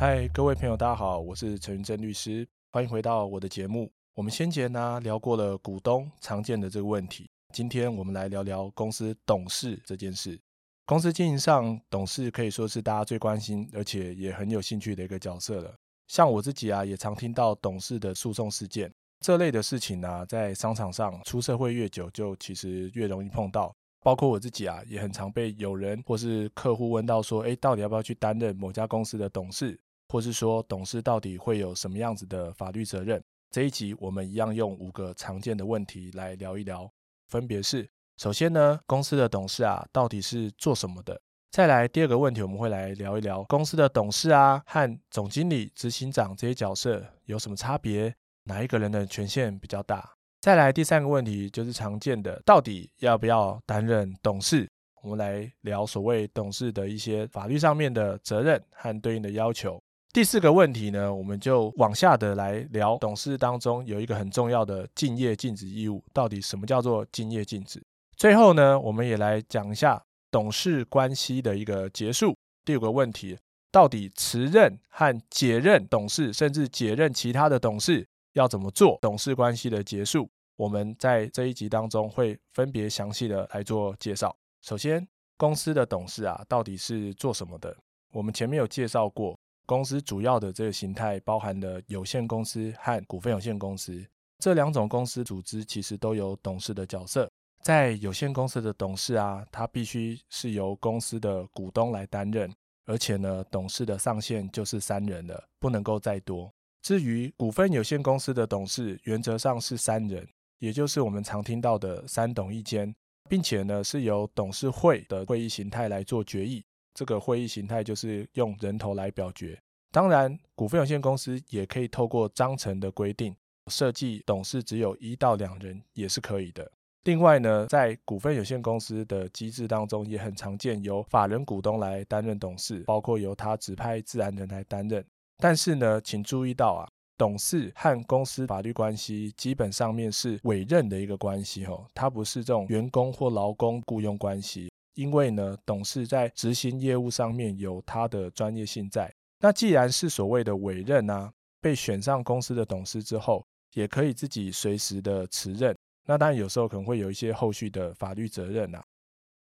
嗨，Hi, 各位朋友，大家好，我是陳全正律師，歡迎回到我的節目。我們先前呢、啊、聊過了股東常見的這個問題，今天我們來聊聊公司董事這件事。公司經營上，董事可以說是大家最關心，而且也很有興趣的一個角色了。像我自己啊，也常聽到董事的訴訟事件這類的事情呢、啊，在商場上出社會越久，就其實越容易碰到。包括我自己啊，也很常被有人或是客戶問到說誒，到底要不要去擔任某家公司的董事？或是說董事到底會有什麼樣子的法律責任？這一集我們一樣用五個常見的問題來聊一聊，分別是：首先呢，公司的董事啊到底是做什麼的？再來第二個問題，我們會來聊一聊公司的董事啊和總經理、執行長這些角色有什麼差別，哪一個人的權限比較大？再來第三個問題就是常見的，到底要不要擔任董事？我們來聊所謂董事的一些法律上面的責任和對應的要求。第四個問題呢，我們就往下的來聊董事當中有一個很重要的競業禁止義務，到底什麼叫做競業禁止？最後呢，我們也來講一下董事關係的一個結束。第五個問題，到底辭任和解任董事，甚至解任其他的董事要怎麼做？董事關係的結束，我們在這一集當中會分別詳細的來做介紹。首先，公司的董事啊，到底是做什麼的？我們前面有介紹過。公司主要的這個形態包含了有限公司和股份有限公司這兩種公司組織，其實都有董事的角色。在有限公司的董事啊，他必須是由公司的股東來擔任，而且呢，董事的上限就是三人了，不能夠再多。至於股份有限公司的董事，原則上是三人，也就是我們常聽到的三董一監，並且呢是由董事會的會議形態來做決議。這個會議形態就是用人頭來表決。當然，股份有限公司也可以透過章程的規定設計董事只有一到兩人也是可以的。另外呢，在股份有限公司的機制當中也很常見，由法人股東來擔任董事，包括由他指派自然人來擔任。但是呢，請注意到啊，董事和公司法律關係基本上面是委任的一個關係，哦，他不是這種員工或勞工雇傭關係。因為呢，董事在執行業務上面有他的專業性在。那既然是所謂的委任吶，被選上公司的董事之後，也可以自己隨時的辭任。那當然有時候可能會有一些後續的法律責任吶。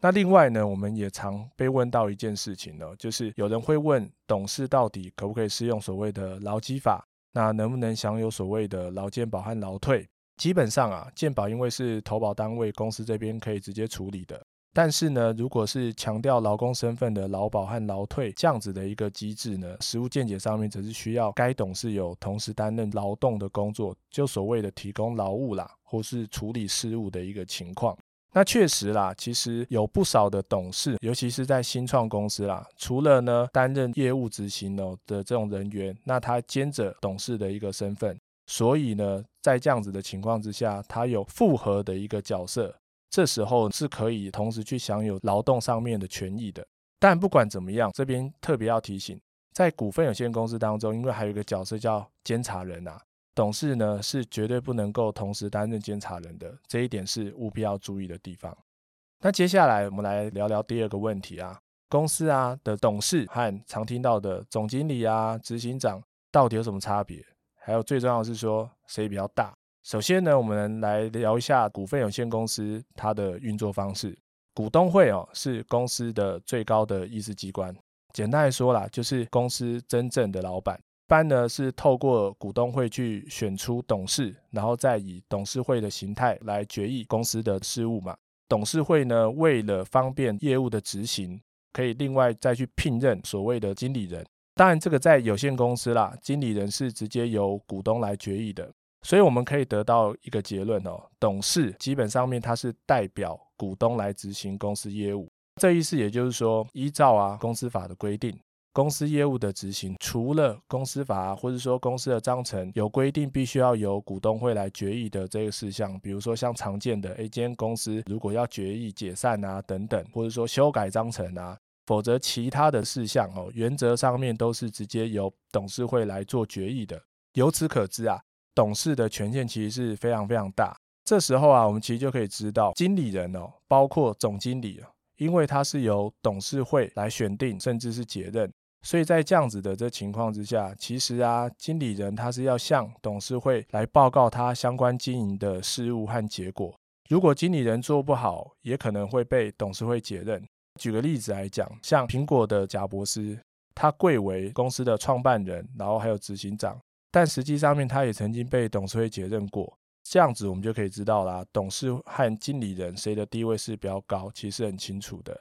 那另外呢，我們也常被問到一件事情呢，就是有人會問董事到底可不可以適用所謂的勞基法？那能不能享有所謂的勞健保和勞退？基本上啊，健保因為是投保單位公司這邊可以直接處理的。但是呢，如果是強調勞工身份的勞保和勞退這樣子的一個機製呢，實務見解上面則是需要該董事有同時擔任勞動的工作，就所謂的提供勞務啦，或是處理事務的一個情況。那確實啦，其實有不少的董事，尤其是在新創公司啦，除了呢擔任業務執行的這種人員，那他兼着董事的一個身份，所以呢，在這樣子的情況之下，他有複合的一個角色。這時候是可以同時去享有勞動上面的權益的，但不管怎麼樣，這邊特別要提醒，在股份有限公司當中，因為還有一個角色叫監察人啊，董事呢是絕對不能夠同時擔任監察人的，這一點是務必要注意的地方。那接下來我們來聊聊第二個問題啊，公司啊的董事和常聽到的總經理啊、執行長到底有什麼差別？還有最重要的是說誰比較大？首先呢，我們來聊一下股份有限公司它的運作方式。股東會哦是公司的最高的意思機關，簡單來說啦，就是公司真正的老板。一般呢是透過股東會去選出董事，然後再以董事會的形態來決議公司的事務嘛。董事會呢為了方便業務的執行，可以另外再去聘任所謂的經理人。當然，這個在有限公司啦，經理人是直接由股東來決議的。所以我們可以得到一個結論哦，董事基本上面他是代表股東來執行公司業務。這意思也就是說，依照啊公司法的規定，公司業務的執行，除了公司法啊，或者說公司的章程有規定必須要由股東會來決議的這個事項，比如說像常見的 A 間公司如果要決議解散啊等等，或者說修改章程啊，否則其他的事項哦，原則上面都是直接由董事會來做決議的。由此可知啊。董事的權限其實是非常非常大。這時候啊，我們其實就可以知道，經理人哦，包括總經理哦，因為他是由董事會來選定，甚至是解任。所以在這樣子的這情況之下，其實啊，經理人他是要向董事會來報告他相關經營的事務和結果。如果經理人做不好，也可能會被董事會解任。舉個例子來講，像蘋果的賈伯斯，他貴為公司的創辦人，然後還有執行長。但實際上面，他也曾經被董事會解任過，這樣子我們就可以知道啦、啊，董事和經理人誰的地位是比較高，其實很清楚的。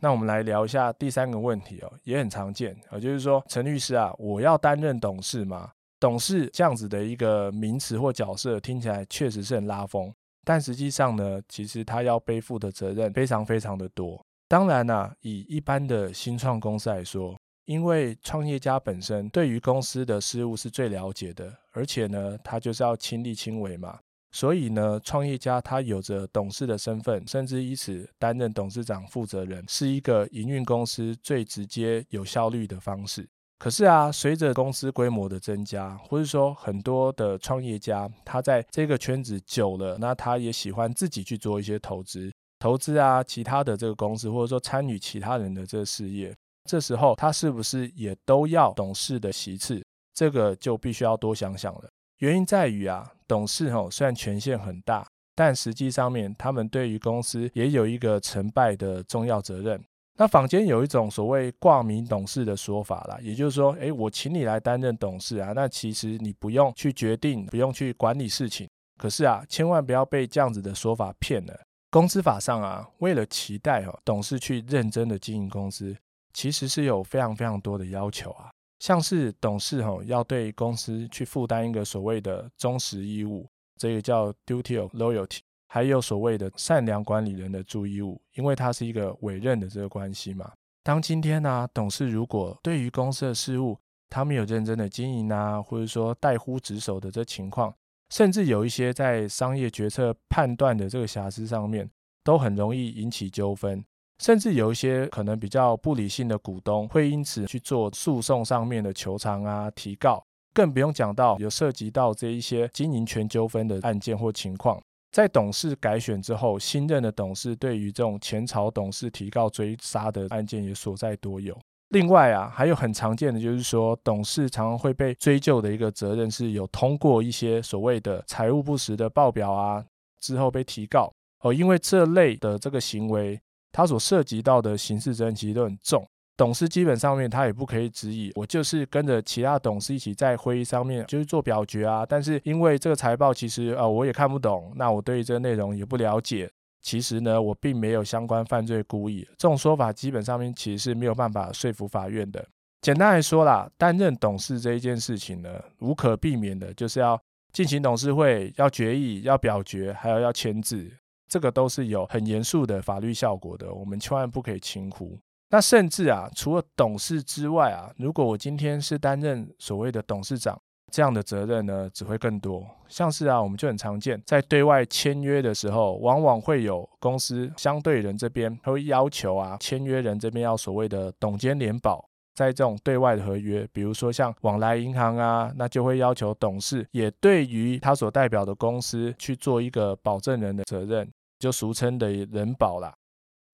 那我們來聊一下第三個問題哦，也很常見啊，就是說陳律師啊，我要擔任董事嗎？董事這樣子的一個名詞或角色，聽起來確實是很拉風，但實際上呢，其實他要背負的責任非常非常的多。當然啊，以一般的新創公司來說。因為創業家本身對於公司的事務是最了解的，而且呢，他就是要親力親為嘛，所以呢，創業家他有着董事的身份，甚至以此擔任董事長負責人，是一個營運公司最直接、有效率的方式。可是啊，隨着公司規模的增加，或者說很多的創業家他在這個圈子久了，那他也喜歡自己去做一些投資，投資啊，其他的這個公司，或者說參與其他人的這個事業。這時候他是不是也都要董事的席次？這個就必須要多想想了。原因在於啊，董事哦雖然權限很大，但實際上面他們對於公司也有一個成敗的重要責任。那坊間有一種所謂掛名董事的說法啦，也就是說，誒，我請你來擔任董事啊，那其實你不用去決定，不用去管理事情。可是啊，千萬不要被這樣子的說法騙了。公司法上啊，為了期待哦董事去認真的經營公司。其實是有非常非常多的要求啊，像是董事吼、哦、要對公司去負擔一個所謂的忠實義務，這個叫 duty of loyalty，還有所謂的善良管理人的注意義務，因為它是一個委任的這個關係嘛。當今天呢、啊，董事如果對於公司的事務，他沒有認真的經營啊，或者說怠忽職守的這情況，甚至有一些在商業決策判斷的這個瑕疵上面，都很容易引起糾紛。甚至有一些可能比較不理性的股東會因此去做訴訟上面的求償啊、提告，更不用講到有涉及到這一些經營權糾紛的案件或情況。在董事改選之後，新任的董事對於這種前朝董事提告追殺的案件也所在多有。另外啊，還有很常見的就是說，董事常常會被追究的一個責任是有通過一些所謂的財務不實的報表啊之後被提告，而因為這類的這個行為。他所涉及到的刑事責任其實都很重，董事基本上面他也不可以質疑，我就是跟着其他董事一起在會議上面就是做表決啊。但是因為這個財報其實啊、呃、我也看不懂，那我對於這個內容也不了解，其實呢，我並沒有相關犯罪故意，這種說法基本上面其實是沒有辦法說服法院的。簡單來說啦，擔任董事這一件事情呢，無可避免的就是要進行董事會要決議、要表決，還有要簽字。這個都是有很嚴肅的法律效果的，我們千萬不可以輕忽。那甚至啊，除了董事之外啊，如果我今天是擔任所謂的董事長，這樣的責任呢，只會更多。像是啊，我們就很常見，在對外簽約的時候，往往會有公司相對人這邊會要求啊，簽約人這邊要所謂的董監聯保。在這種對外的合約，比如說像往來銀行啊，那就會要求董事也對於他所代表的公司去做一個保證人的責任，就俗稱的人保啦。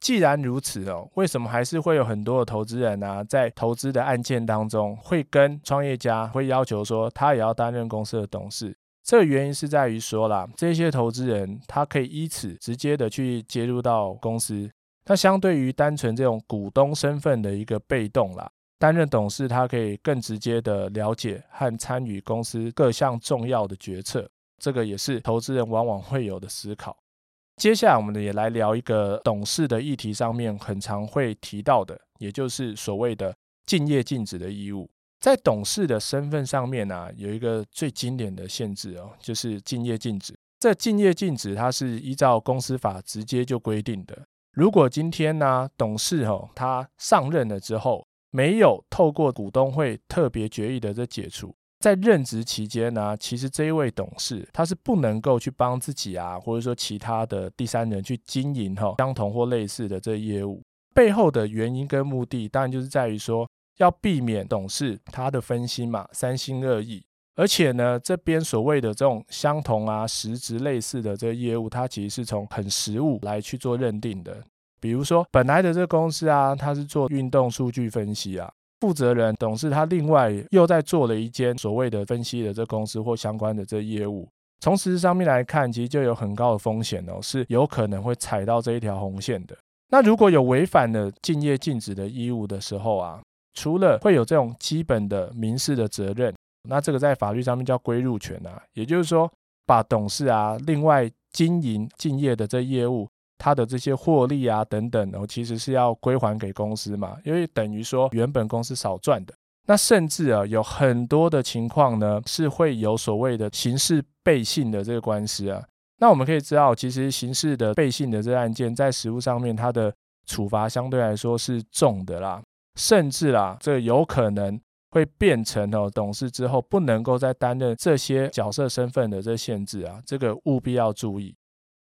既然如此哦，為什麼還是會有很多的投資人呢，啊，在投資的案件當中，會跟創業家會要求說他也要擔任公司的董事？這個原因是在於說啦，這些投資人他可以依此直接的去介入到公司，他相對於單純這種股東身份的一個被動啦。擔任董事，他可以更直接的了解和參與公司各項重要的決策，這個也是投資人往往會有的思考。接下來，我們呢也來聊一個董事的議題，上面很常會提到的，也就是所謂的競業禁止的義務。在董事的身份上面呢、啊，有一個最經典的限制哦，就是競業禁止。這競業禁止它是依照公司法直接就規定的。如果今天呢、啊，董事哦，他上任了之後，沒有透過股東會特別決議的這解除，在任職期間呢，其實這一位董事他是不能夠去幫自己啊，或者說其他的第三人去經營哈相同或類似的這業務。背後的原因跟目的，當然就是在於說要避免董事他的分心嘛，三心二意。而且呢，這邊所謂的這種相同啊、實質類似的這業務，它其實是從很實務來去做認定的。比如說，本來的這公司啊，他是做運動數據分析啊，負責人董事他另外又再做了一間所謂的分析的這公司或相關的這業務。從實質上面來看，其實就有很高的風險哦，是有可能會踩到這一條紅線的。那如果有違反了競業禁止的義務的時候啊，除了會有這種基本的民事的責任，那這個在法律上面叫歸入權啊。也就是說，把董事啊另外經營競業的這業務。他的這些獲利啊等等，哦，其實是要歸還給公司嘛，因為等於說原本公司少賺的，那甚至啊有很多的情況呢是會有所謂的刑事背信的這個官司啊。那我們可以知道，其實刑事的背信的這個案件，在實務上面，它的處罰相對來說是重的啦，甚至啊，這個、有可能會變成哦、啊，董事之後不能夠再擔任這些角色身份的這個限制啊，這個務必要注意。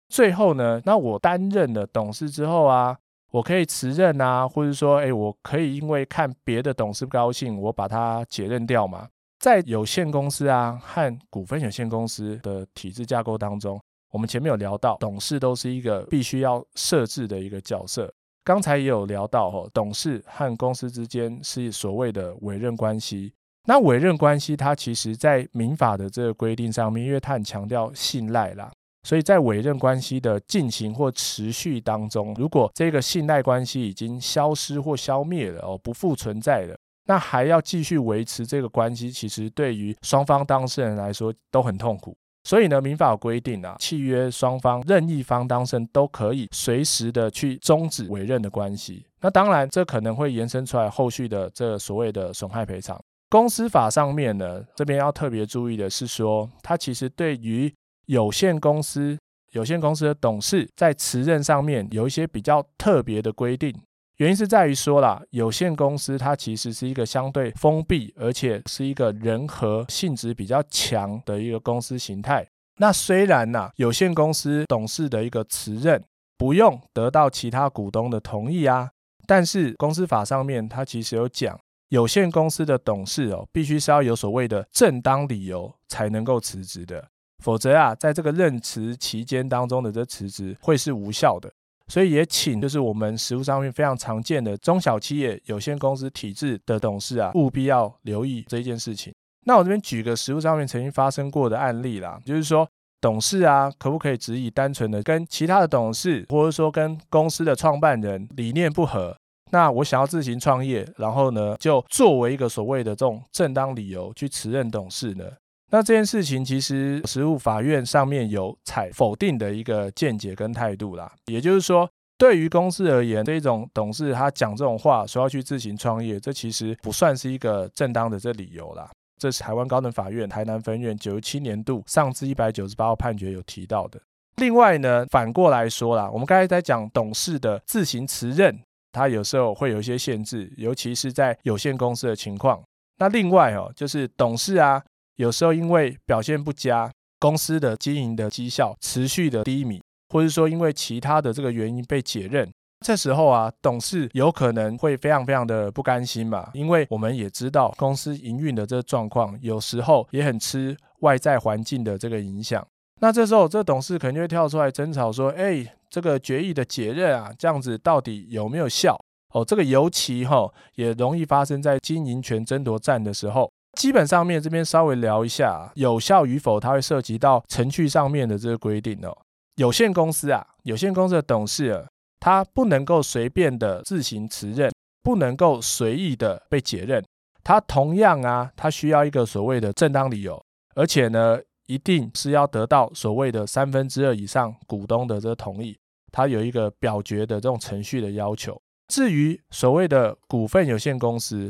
最後呢，那我擔任了董事之後啊，我可以辭任啊，或者說，哎、欸，我可以因為看別的董事不高興，我把他解任掉嘛。在有限公司啊和股份有限公司的體制架構當中，我們前面有聊到，董事都是一個必須要設置的一個角色。剛才也有聊到哦，董事和公司之間是所謂的委任關係。那委任關係，它其實在民法的這個規定上面，因為它很強調信賴啦。所以在委任關係的進行或持續當中，如果這個信賴關係已經消失或消滅了哦，不復存在了，那還要繼續維持這個關係，其實對於雙方當事人來說都很痛苦。所以呢，民法規定啊，契約雙方任意方當事人都可以隨時的去終止委任的關係。那當然，這可能會延伸出來後續的這所謂的損害賠償。公司法上面呢，這邊要特別注意的是說，它其實對於有限公司有限公司的董事在辭任上面有一些比較特別的規定，原因是在於說啦，有限公司它其實是一個相對封閉，而且是一個人合性質比較強的一個公司形態。那雖然呢，啊，有限公司董事的一個辭任不用得到其他股東的同意啊，但是公司法上面它其實有講，有限公司的董事哦，必須是要有所謂的正當理由才能夠辭職的。否則啊，在這個任職期間當中的這辭職會是無效的，所以也請就是我們實務上面非常常見的中小企業有限公司體制的董事啊，務必要留意這件事情。那我這邊舉個實務上面曾經發生過的案例啦，就是說董事啊，可不可以只以單純的跟其他的董事，或者說跟公司的創辦人理念不合，那我想要自行創業，然後呢，就作為一個所謂的這種正當理由去辭任董事呢？那這件事情其實，實務法院上面有採否定的一個見解跟態度啦。也就是說，對於公司而言，這一種董事他講這種話，說要去自行創業，這其實不算是一個正當的這理由啦。這是台灣高等法院台南分院九十七年度上字一百九十八號判決有提到的。另外呢，反過來說啦，我們剛才在講董事的自行辭任，它有時候會有一些限制，尤其是在有限公司的情況。那另外哦，就是董事啊。有時候因為表現不佳，公司的經營的績效持續的低迷，或者說因為其他的這個原因被解任，這時候啊，董事有可能會非常非常的不甘心嘛，因為我們也知道公司營運的這個狀況，有時候也很吃外在環境的這個影響。那這時候這董事肯定會跳出來爭吵說：“哎，這個決議的解任啊，這樣子到底有沒有效？哦，這個尤其哈、哦、也容易發生在經營權爭奪戰的時候。”基本上面這邊稍微聊一下啊，有效與否，它會涉及到程序上面的這個規定哦。有限公司啊，有限公司的董事啊，他不能夠隨便的自行辭任，不能夠隨意的被解任。他同樣啊，他需要一個所謂的正當理由，而且呢，一定是要得到所謂的三分之二以上股東的這個同意，他有一個表決的這種程序的要求。至於所謂的股份有限公司。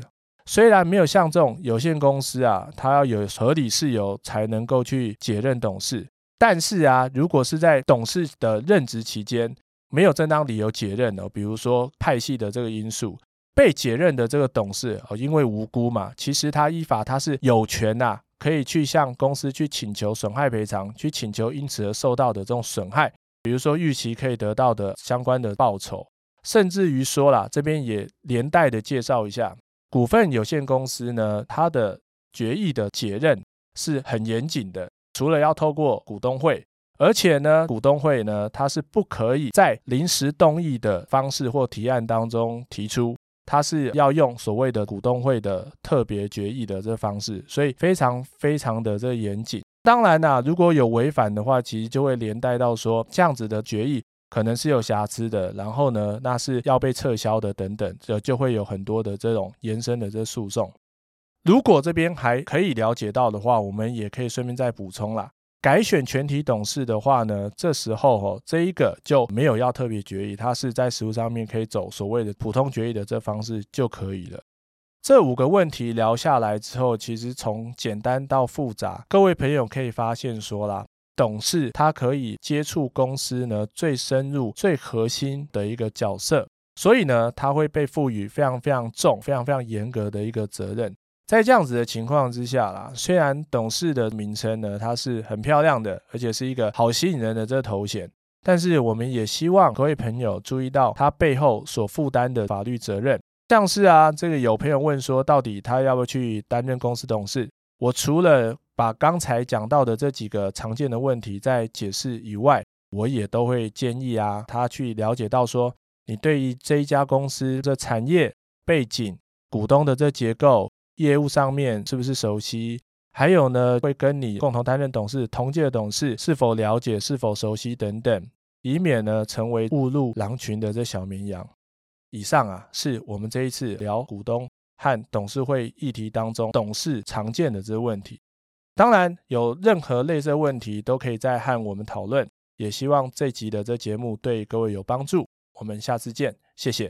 雖然沒有像這種有限公司啊，他要有合理事由才能夠去解任董事，但是啊，如果是在董事的任職期間，沒有正當理由解任，比如說派系的這個因素，被解任的這個董事，因為無辜嘛，其實他依法他是有權吶、啊，可以去向公司去請求損害賠償，去請求因此而受到的這種損害，比如說預期可以得到的相關的報酬，甚至於說啦，這邊也連帶的介紹一下。股份有限公司呢，它的決議的解任是很嚴謹的，除了要透過股東會，而且呢，股東會呢，它是不可以在臨時動議的方式或提案當中提出，它是要用所謂的股東會的特別決議的這方式，所以非常非常的這嚴謹。當然啦、啊，如果有違反的話，其實就會連帶到說這樣子的決議。可能是有瑕疵的，然後呢，那是要被撤銷的，等等，就就會有很多的這種延伸的這訴訟。如果這邊還可以了解到的話，我們也可以順便再補充啦。改選全體董事的話呢，這時候哈、哦，這一個就沒有要特別決議，它是在實務上面可以走所謂的普通決議的這方式就可以了。這五個問題聊下來之後，其實從簡單到複雜，各位朋友可以發現說啦。董事，他可以接觸公司呢最深入、最核心的一個角色，所以呢，他會被賦予非常非常重、非常非常嚴格的一個責任。在這樣子的情況之下啦，雖然董事的名稱呢，它是很漂亮的，而且是一個好吸引人的這個頭銜，但是我們也希望各位朋友注意到他背後所負擔的法律責任。像是啊，這個有朋友問說，到底他要不要去擔任公司董事？我除了把剛才講到的這幾個常見的問題，在解釋以外，我也都會建議啊，他去了解到說，你對於這一家公司的產業背景、股東的這結構、業務上面是不是熟悉？還有呢，會跟你共同擔任董事同屆董事是否了解、是否熟悉等等，以免呢成為誤入狼群的這小綿羊。以上啊，是我們這一次聊股東和董事會議題當中董事常見的這問題。當然，有任何類似問題都可以再和我們討論。也希望這集的這節目對各位有幫助。我們下次見，謝謝。